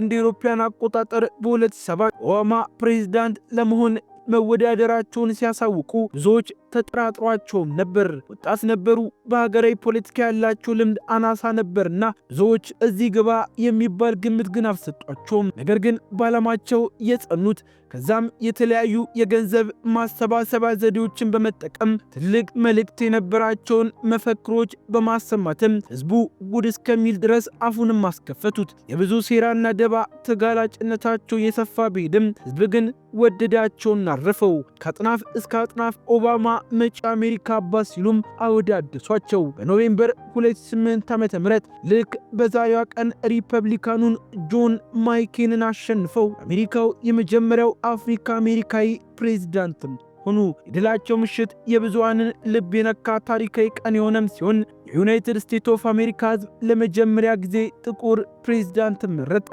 እንደ አውሮፓውያን አቆጣጠር በ2007 ኦባማ ፕሬዚዳንት ለመሆን መወዳደራቸውን ሲያሳውቁ ብዙዎች ተጠራጥሯቸውም ነበር። ወጣት ነበሩ። በሀገራዊ ፖለቲካ ያላቸው ልምድ አናሳ ነበርና ብዙዎች እዚህ ግባ የሚባል ግምት ግን አልሰጧቸውም። ነገር ግን በዓላማቸው የጸኑት ከዛም የተለያዩ የገንዘብ ማሰባሰቢያ ዘዴዎችን በመጠቀም ትልቅ መልእክት የነበራቸውን መፈክሮች በማሰማትም ህዝቡ ጉድ እስከሚል ድረስ አፉንም አስከፈቱት። የብዙ ሴራና ደባ ተጋላጭነታቸው የሰፋ ቢሄድም ህዝብ ግን ወደዳቸውን አረፈው። ከአጥናፍ እስከ አጥናፍ ኦባማ መጪ አሜሪካ አባት ሲሉም አወዳደሷቸው። በኖቬምበር 28 ዓ ም ልክ በዛሬዋ ቀን ሪፐብሊካኑን ጆን ማይኬንን አሸንፈው አሜሪካው የመጀመሪያው አፍሪካ አሜሪካዊ ፕሬዚዳንትም ሆኑ። የድላቸው ምሽት የብዙሃንን ልብ የነካ ታሪካዊ ቀን የሆነም ሲሆን የዩናይትድ ስቴትስ ኦፍ አሜሪካ ህዝብ ለመጀመሪያ ጊዜ ጥቁር ፕሬዚዳንት መረጠ።